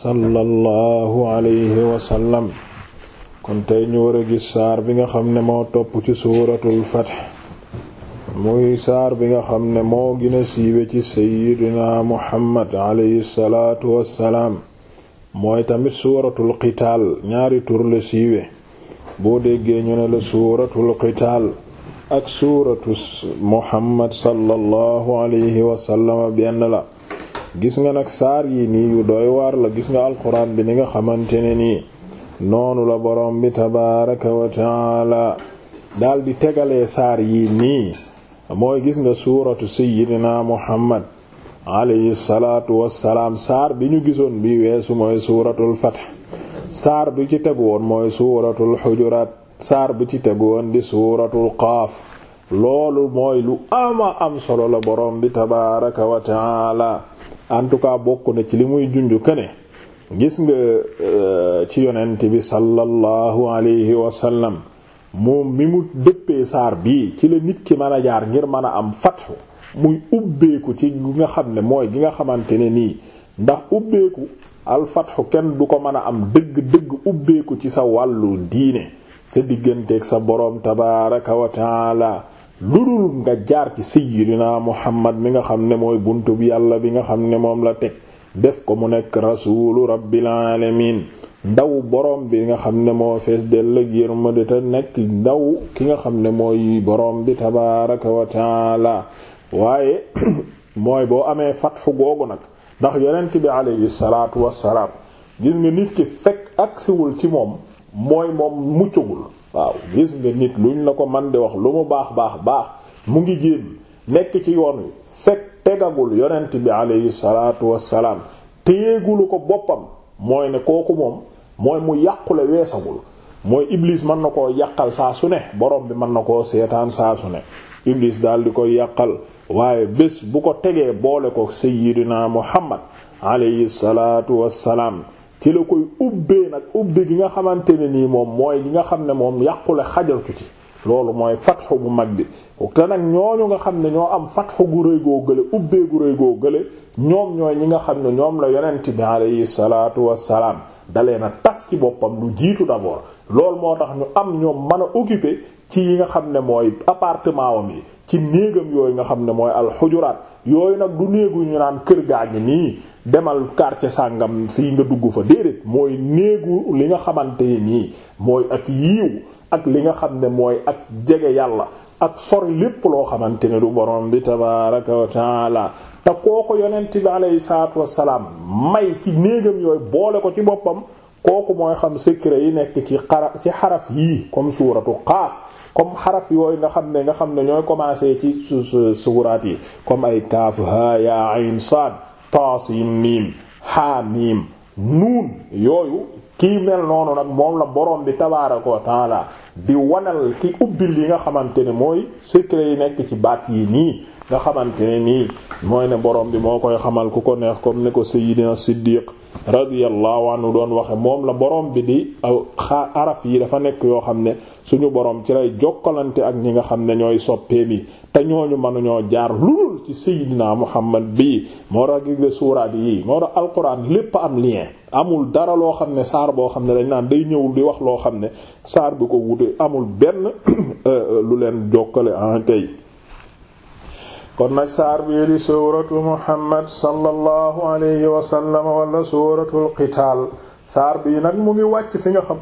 sallallahu alayhi wasallam kon tey ñu war a gis saar bi nga xam ne moo topp ci suuratul fath muy saar bi nga xam ne moo gina siiwe ci seyyidina muhammad alayhi salaatu wassalaam mooy tamit suuratul qitaal ñaari tur la siiwe boo déggee ñu ne la suuratul qitaal ak suuratu muhammad sallallahu alayhi wasallam benn la gis nga nag saar yi nii yu doy waar la gis nga alquran bi ni nga xamante ne nii noonu la borom bi tabaaraka wa taala daal tegalee saar yi nii mooy gis nga suuratu sayyidina muhammad alayhi salaatu wassalaam saar bi ñu gisoon bi weesu mooy suuratul fath saar bi ci tegu woon mooy suuratul xujuraat saar bi ci tegu woon di suuratul qaaf loolu mooy lu ama am solo la borom bi tabaaraka wa taala en tout cas bokk na ci li muy junj këne gis nga euh, ci yonent bi sallallahu alayhi wa sallam moom mi mu dëppee saar bii ci la nit ki mën a jaar ngir mën a am fatxu muy ubbeeku ci gi nga xam ne mooy gi nga xamante ne nii ndax ubbeeku alfatxu kenn du ko mën a am dëgg-dëgg ubbeeku ci sa wàllu diine sa digganteeg sa boroom tabaaraka wa taala lu dul nga jaar ci sayyidina muhammad mi nga xam ne mooy buntu bi yàlla bi nga xam ne moom la teg def ko mu nekk rasuulu rabbil alamin ndaw borom bi nga xam ne moo fees dell ak yërmande te nekk ndaw ki nga xam ne mooy boroom bi tabaaraka wa waaye mooy boo amee fatxu googu nag ndax yonent bi alayhi salaatu wassalaam gis nga nit ki fekk agsiwul ci moom mooy moom muccugul waaw gis nga nit luñ la ko man di wax lu mu baax baax baax mu ngi jéem nekk ci yoon wi fekk tegagul yonent bi aleyhi salaatu wassalaam téyeegulu ko boppam mooy ne kooku moom mooy mu yàqule weesagul mooy iblis mën na koo yàqal saa su ne borom bi mën na koo seetaan saa su ne iblis daal di koy yàqal waaye bés bu ko tegee boole ko sayyidina muhammad aleyhi salaatu wassalaam ci la koy ubbee nag ubbe gi nga xamante ne nii moom mooy gi nga xam ne moom yàqule xajatu ci loolu mooy fatxu bu mag bi te nag ñooñu nga xam ne ñoo am fatxu gu rëy goo gële ubbee gu rëy goo gële ñoom ñooy ñi nga xam ne ñoom la yonent bi alayhi salaatu wassalaam dalee na tas ci boppam lu jiitu d'abord loolu moo tax ñu am ñoom mën a occuper ci yi nga xam ne mooy appartement wam yi ci néegam yooyu nga xam ne mooy alxujuraat yooyu nag du néegu ñu naan kër gaa ngi nii demal quartier sàngam fii nga dugg fa déedéet mooy néegu li nga xamante nii mooy ak yiiw ak li nga xam ne mooy ak jege yàlla ak sori lépp loo xamante ne du borom bi tabaraka wa taala te kooko yonent bi aleyhi salaatu wassalaam may ci néegam yooyu boole ko ci boppam kooku mooy xam secret yi nekk ci xara ci xaraf yii comme suuratu qaaf comme xaraf yooyu nga xam ne nga xam ne ñooy commencer ci suuraat yi comme ay kaaf ha ya ayn sad ta sin mim nuun yooyu kii mel noonu nag moom la borom bi tabaaraka wa taala di wanal ki ubbil yi nga xamante ne mooy secret yi nekk ci baat yi nii nga xamante ne nii mooy ne borom bi moo koy xamal ku ko neex comme ni ko Seydina Siddiq radiyallahu anhu doon waxe moom la boroom bi di xaa araf yi dafa nekk yoo xam ne suñu borom ci lay jokkalante ak ñi nga xam ne ñooy soppeem yi te ñoo ñooñu mënuñoo jaar lulul ci Seydina Muhammad bii moo tax gis nga suuraat yii moo tax alquran lépp am lien amul dara loo xam ne saar boo xam ne dañ naan day ñëwul di wax loo xam ne saar bi ko wute amul benn euh, lu leen jokkale en tey kon nag saar bii di suuratu muhammad sallallahu alayhi wa sallam wala suuratul saar bii nag mu ngi wàcc fi nga xam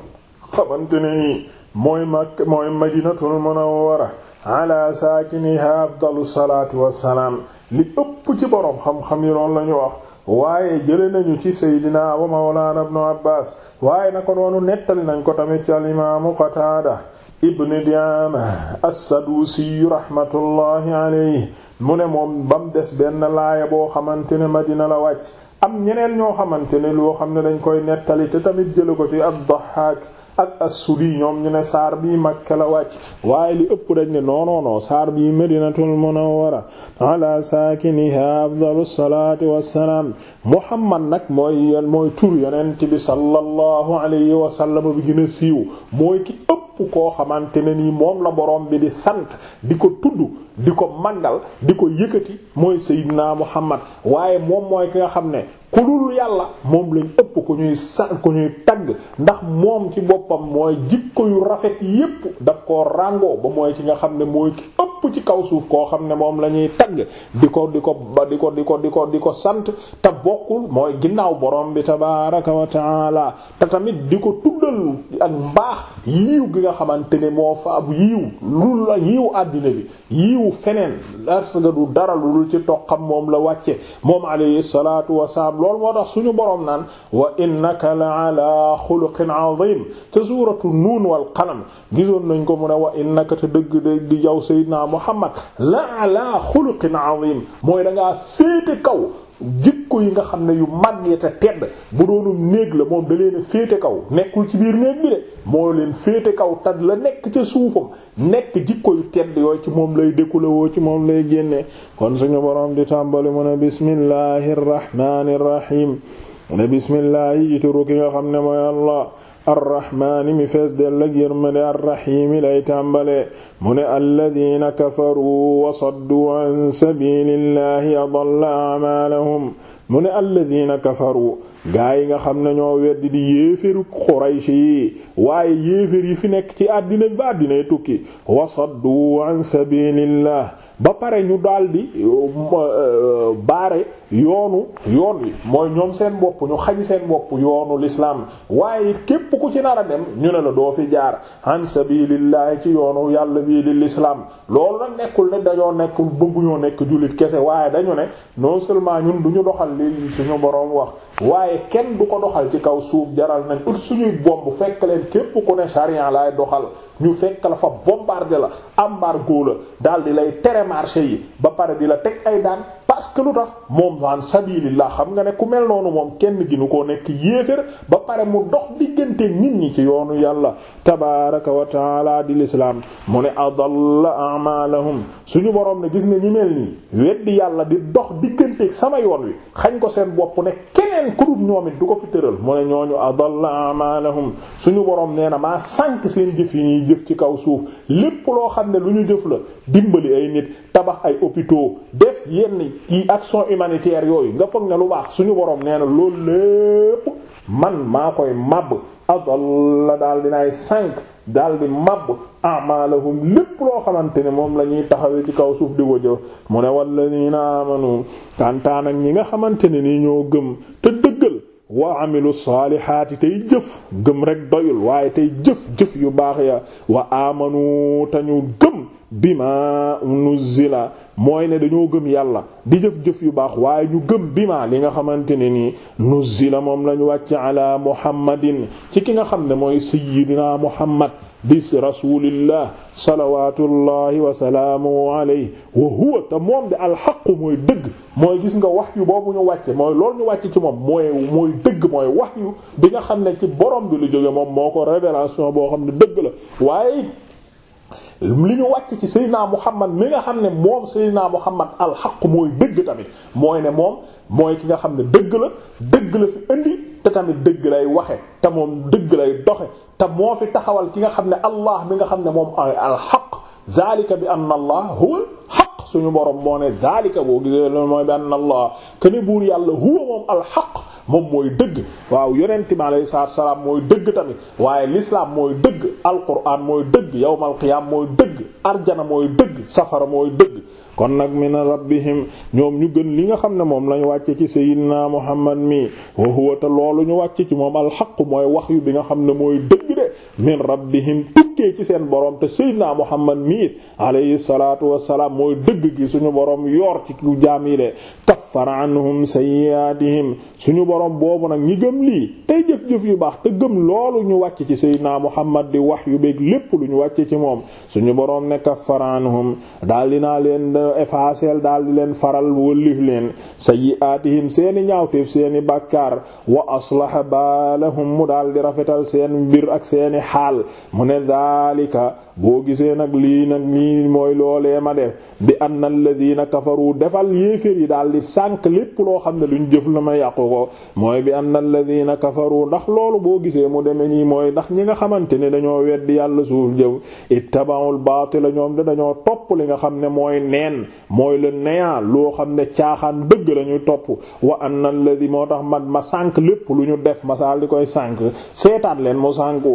xamante ne mooy mak mooy madinatul munawwara ala saakiniha afdalu salaatu wassalaam li ëpp ci boroom yi loolu la ñu wax waaye jële nañu ci seydina wa mawlaana ibnu abbaas waaye na ko nettali nañ ko tamit ci alimaamu qataada ibn diama assaduusi rahmatullahi alayhi mu ne moom ba mu des benn laaya boo xamante ne Madina la wàcc am ñeneen ñoo xamante ne loo xam ne dañ koy nettali te tamit jële ko ci ad-Dahhaak ak as-Sudi ñoom ñu ne saar bii Makka la wàcc waaye li ëpp dañ ne non non non saar bii Madinatul Munawwara ala saakiniha afdalu salaati wassalaam Muhammad nag mooy mooy tur yonent bi sallallahu alayhi wa sallam bi gën a siiw mooy ki képp koo xamante ne nii moom la borom bi di sant di ko tudd di ko màggal di ko yëkkati mooy Seydina Muhammad waaye moom mooy ki nga xam ne ku dul yàlla moom lañ ëpp ku ñuy sa ku ñuy tagg ndax moom ci boppam mooy jikko yu rafet yépp daf koo ràngoo ba mooy ki nga xam ne mooy ki ëpp ci kaw suuf koo xam ne moom la ñuy tagg di ko di ko ba di ko di ko di ko di ko sant te bokkul mooy ginnaaw borom bi tabaraka wa taala te tamit di ko tuddal ak mbaax yiiw gi nga xamante ne moo fa ab yiiw lu la yiiw àddina bi yiiw feneen larsa ga du dara lu dul ci toqam moom la wàcce moom alayhi salatu loolu moo tax suñu boroom naan wa innaka la ala xuluqin azim te suuratu nuun wal qalam gisoon nañ ko mu ne wa innaka te dëgg-dëgg yow sayyidina Muhammad la ala xuluqin azim mooy da ngaa féete kaw jikko yi nga xam ne yu mag yi te tedd bu doonum néeg la moom da leen féete kaw nekkul ci biir néeg bi de moo leen féete kaw tad la nekk ca suufam nekk jikko yu tedd yooyu ci moom lay dékulawoo ci moom lay génne kon suñu borom di tàmbali mu ne bismillahi irrahmani irrahim ne bismillahi ji ki nga xam ne mooy Allah arrahmaani mi fees del ak yërmande arrahiimi lay tàmbale mu ne alladina kafaru wa saddu an sabilillahi adalla a'malahum mu ne alladina kafaru gaa yi nga xam ne ñoo weddi di yéeféru Quraysh yi waaye yéefér yi fi nekk ci àddina ba àddinay tukki wasaddu an sabilillah ba pare ñu daldi euh, baare yoonu yoon wi mooy ñoom seen bopp ñu xañ seen bopp yoonu lislaam waaye it képp ku ci nar a dem ñu ne la doo fi jaar an sabilillahi ci yoonu yàlla bii di lislaam loolu nag nekkul ne dañoo nekkul bëgguñoo nekk jullit kese waaye dañu ne non ñun duñu doxal li suñu boroom wax waaye kenn du ko doxal ci kaw suuf jaral nañ ut suñuy bomb fekk leen képp ku ne charia laay doxal ñu fekk la fa bombarder la embargo la daal di lay tere marché yi ba pare di la teg ay daan parce que lu tax moom an sabilillah xam nga ne ku mel noonu moom kenn gi nu koo nekk yéefér ba pare mu dox diggante nit ñi ci yoonu yàlla tabaraka wa taala di lislaam mu ne adalla a'malahum suñu boroom ne gis nga ñu mel nii yàlla di dox digganteeg sama yoon wi xañ ko seen bopp ne keneen ku dul ñoom it du ko fi tëral mu ne ñooñu adalla a'malahum suñu boroom nee na maa sànk seen jëf yi ñuy jëf ci kaw suuf lépp loo xam ne lu ñu jëf la dimbali ay nit tabax ay hôpitaux def yenn yi action humanitaire yooyu nga foog ne lu baax suñu boroom neena na loolu lépp man maa koy màbb adalla daal dinaay cinq daal di màbb amalahum lépp loo xamante ne moom la ñuy taxawee ci kaw suuf di wajë mu ne walladina amanu kantaan ak ñi nga xamante ne ni ñoo gëm te dëggal wa amilu saalihaati tey jëf gëm rek doyul waaye tey jëf jëf yu baax ya wa amanu te ñu gëm bima nuzila mooy ne dañoo gëm yàlla di jëf-jëf yu baax waaye ñu gëm bi maa li nga xamante ne nii nuzila moom la ñu wàcc ala muhammadin ci ki nga xam ne mooy sayyidina muhammad bis rasulillah salawatullahi wasalaamu alayhi wa huwa te moom de alxaqu mooy dëgg mooy gis nga wax yu boobu ñu wàcce mooy lool ñu wàcce ci moom mooy mooy dëgg mooy wax yu bi nga xam ne ci borom bi lu jóge moom moo ko révélation boo xam ne dëgg la waaye li ñu wàcc ci Seydina Muhammad mi nga xam ne moom Seydina Muhammad alxaq mooy dëgg tamit mooy ne moom mooy ki nga xam ne dëgg la dëgg la fi indi te tamit dëgg lay waxe te moom dëgg lay doxe te moo fi taxawal ki nga xam ne Allah mi nga xam ne moom ay alxaq zalika bi anna Allah huwa alxaq suñu borom moo ne zalika boo gisee mooy bi anna Allah kene buur yàlla huwa moom alxaq moom mooy dëgg waaw yonent bi alayhi salaatu salaam mooy dëgg tamit waaye lislaam mooy dëgg alquran mooy dëgg yawmal qiyaam mooy dëgg arjana mooy dëgg safara mooy dëgg kon nag min rabbihim ñoom ñu gën li nga xam ne moom lañu wàcce ci sayyidina muhammad mi wa huwa loolu ñu wàcce ci moom alxaqu mooy wax yu bi nga xam ne mooy dëgg de min rabbihim tukkee ci seen borom te Seydina Muhammad mii alayhi salaatu wassalaam mooy dëgg gi suñu borom yor ci ku jaam yi de kaffara anhum sayyi'atihim suñu boroom boobu nag ñi gëm lii tey jëf-jëf yu baax te gëm loolu ñu wàcc ci Seydina Muhammad di wax yu beeg lépp lu ñu wàcce ci moom suñu boroom ne kaffara anhum daal naa leen fasel daal di leen faral wëllif leen sayyi'atihim seeni ñaawteef seeni bàkkaar wa aslaha balahum mu daal di rafetal seen mbir ak seeni xaal mu ne zaalika boo gisee nag lii nag lii mooy loolee ma def bi anna alladhina kafaru defal yéefér yi daal di sànk lépp loo xam ne luñ jëf la ma yàqu ko mooy bi anna alladhina kafaru ndax loolu boo gisee mu demee nii mooy ndax ñi nga xamante ne dañoo weddi yàlla suuf jëw ittaba'ul la ñoom de dañoo topp li nga xam ne mooy neen mooy la néant loo xam ne caaxaan dëgg lañuy topp wa an alladhi moo tax man ma sànk lépp lu ñu def ma saal di koy sànk seetaan leen mu sànku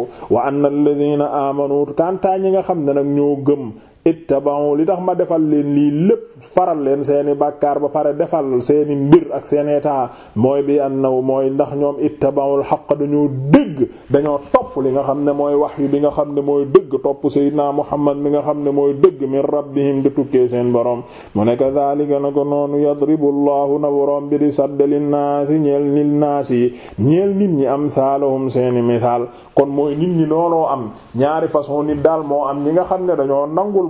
amanu kantaa ñi nga xam ne nag ñoo gëm ittaba'u li tax ma defal leen lii lépp faral leen seeni bàkkaar ba pare defal seeni mbir ak seen état mooy bi annaw mooy ndax ñoom ittaba'ul haqq dañoo dëgg dañoo topp li nga xam ne mooy wax yu bi nga xam ne mooy dëgg topp sayyidina Muhammad mi nga xam ne mooy dëgg min rabbihim di tukkee seen borom mu ne kadhalika na ko noonu yadribu Allahu na borom bi di saddalin naasi ñeel nil naasi ñeel nit ñi am saalahum seeni misaal kon mooy nit ñi nooloo am ñaari façon nit daal moo am ñi nga xam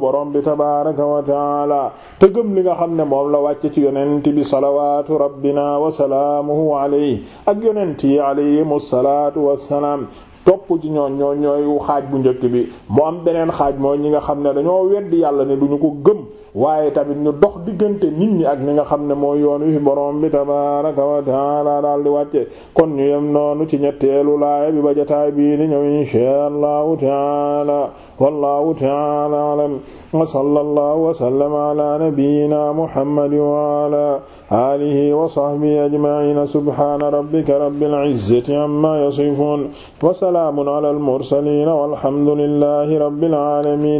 borom bi tabaaraka wa taala te gëm li nga xam ne moom la wàcce ci yonent bi salawaatu rabbina wa salaamuhu alayhi ak yonent yi alayhimu salaatu wa salaam topp ci ñoon ñoo ñooy xaaj bu njëkk bi mu am beneen xaaj mooy ñi nga xam ne dañoo weddi yàlla ne duñu ko gëm waaye tamit ñu dox diggante nit ñi ak li nga xam ne mooy yoon wi borom bi tabaraka wa taala daal di wàcce kon ñu yem noonu ci ñetteelu laaya bi ba jotaay bii di ñëw inshaa allahu taala wallahu taala alam wa sallallahu wa sallama ala nabiyyina muhammadin wa ala alihi wa sahbihi ajma'in subhana rabbika rabbil izzati amma yasifun wa salamun ala al mursalin walhamdulillahi rabbil alamin